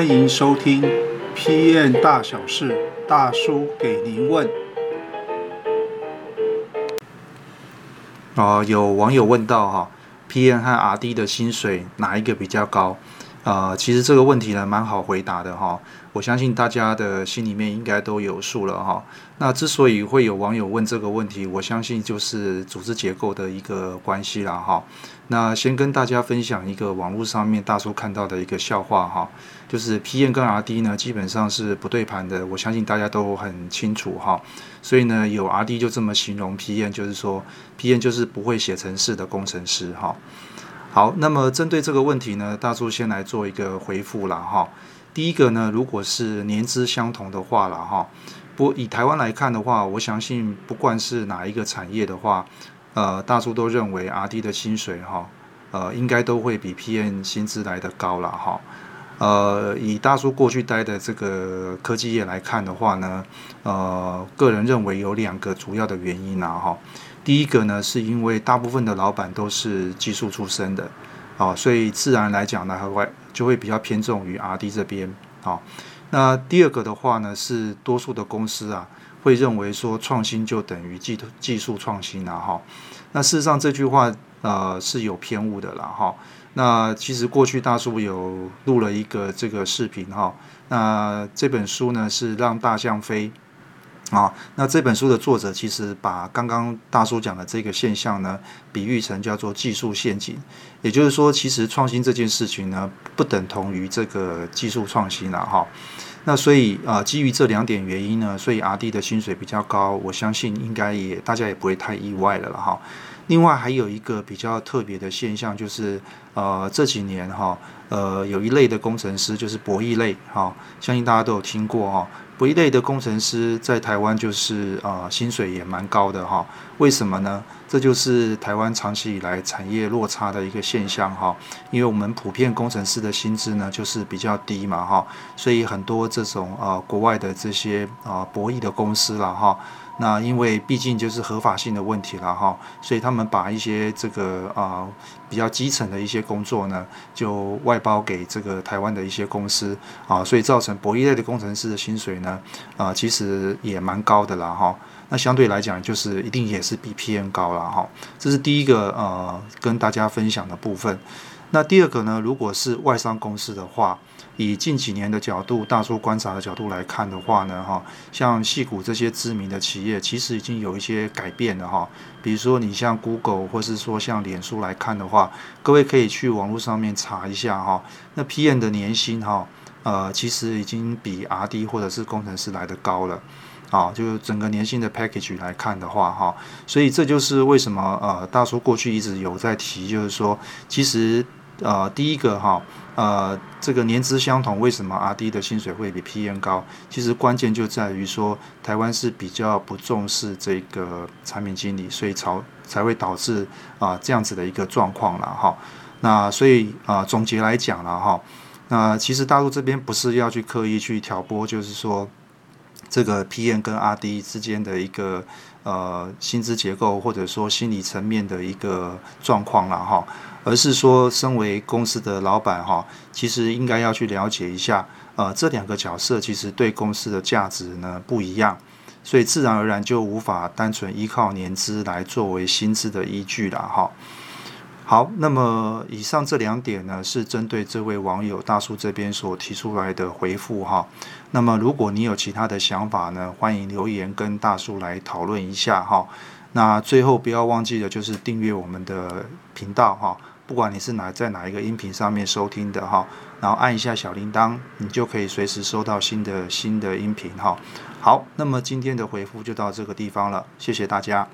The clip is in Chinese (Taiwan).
歡迎收聽《PM 大小事》，大叔給您問。哦，有網友問到哈，PM 和 RD 的薪水哪一個比較高？啊、呃，其實這個問題呢蠻好回答的哈，我相信大家的心裡面應該都有數了哈。那之所以會有網友問這個問題，我相信就是組織結構的一個關係了哈。那先跟大家分享一個網絡上面大叔看到的一個笑話哈，就是 PM 跟 R D 呢基本上是不對盤的，我相信大家都很清楚哈。所以呢，有 R D 就這麼形容 PM，就是說 PM 就是不會寫程式的工程師哈。好，那麼針對這個問題呢，大叔先來做一個回復了哈。第一個呢，如果是年資相同的話了哈，不，以台灣來看的話，我相信不管是哪一個產業的話，呃，大叔都認為 RD 的薪水哈，呃，應該都會比 PM 薪資來得高了哈。呃，以大叔過去待的這個科技業來看的話呢，呃，個人認為有兩個主要的原因啦，哈。第一個呢，是因為大部分的老闆都是技術出身的，啊、哦，所以自然來講呢，會就會比較偏重於 RD 這邊，啊、哦，那第二個的話呢，是多數的公司啊，會認為說創新就等於技技術創新了、啊、哈、哦，那事實上這句話呃是有偏誤的啦。哈、哦，那其實過去大叔有錄了一個這個視頻哈、哦，那這本書呢是讓大象飛。啊、哦，那這本書的作者其實把剛剛大叔講的這個現象呢，比喻成叫做技術陷阱，也就是說，其實創新這件事情呢，不等同於這個技術創新了哈。那所以啊、呃，基於這兩點原因呢，所以 RD 的薪水比較高，我相信應該也大家也不會太意外了了哈。另外還有一個比較特別的現象就是，呃，這幾年哈。呃，有一類的工程師就是博弈類，哈、哦，相信大家都有聽過哈、哦。博弈類的工程師在台灣就是啊、呃，薪水也蠻高的哈、哦。為什麼呢？這就是台灣長期以來產業落差的一個現象哈、哦。因為我們普遍工程師的薪資呢，就是比較低嘛哈、哦，所以很多這種啊、呃，國外的這些啊、呃，博弈的公司了哈、哦。那因為畢竟就是合法性的問題了哈、哦，所以他們把一些這個啊。呃比較基層的一些工作呢，就外包給這個台灣的一些公司啊，所以造成博弈類的工程師的薪水呢，啊，其實也蠻高的啦哈。那相對來講，就是一定也是比 PM 高了哈。這是第一個呃，跟大家分享的部分。那第二個呢，如果是外商公司的話，以近幾年的角度，大叔觀察的角度來看的話呢，哈，像矽谷這些知名的企業，其實已經有一些改變了哈。比如說你像 Google 或是說像臉書來看的話，各位可以去網絡上面查一下哈。那 PM 的年薪哈，呃，其實已經比 RD 或者是工程師來得高了，啊，就整個年薪的 package 來看的話哈，所以這就是為什麼呃，大叔過去一直有在提，就是說其實。啊、呃，第一個哈，啊、呃，這個年資相同，為什麼 RD 的薪水會比 PM 高？其實關鍵就在於說，台灣是比較不重視這個產品經理，所以才才會導致啊、呃、這樣子的一個狀況了哈。那所以啊、呃，總結來講了哈，那、呃、其實大叔這邊不是要去刻意去挑撥，就是說。這個 PM 跟 RD 之間的一個呃薪資結構，或者說心理層面的一個狀況了哈，而是說，身為公司的老闆哈，其實應該要去了解一下，呃，這兩個角色其實對公司的價值呢不一樣，所以自然而然就無法單純依靠年資來作為薪資的依據了哈。好，那麼以上這兩點呢，是針對這位網友大叔這邊所提出來的回復哈。那麼如果你有其他的想法呢，歡迎留言跟大叔來討論一下哈。那最後不要忘記的就是訂閱我們的頻道哈，不管你是哪在哪一個音頻上面收聽的哈，然後按一下小鈴鐺，你就可以隨時收到新的新的音頻哈。好，那麼今天的回復就到這個地方了，謝謝大家。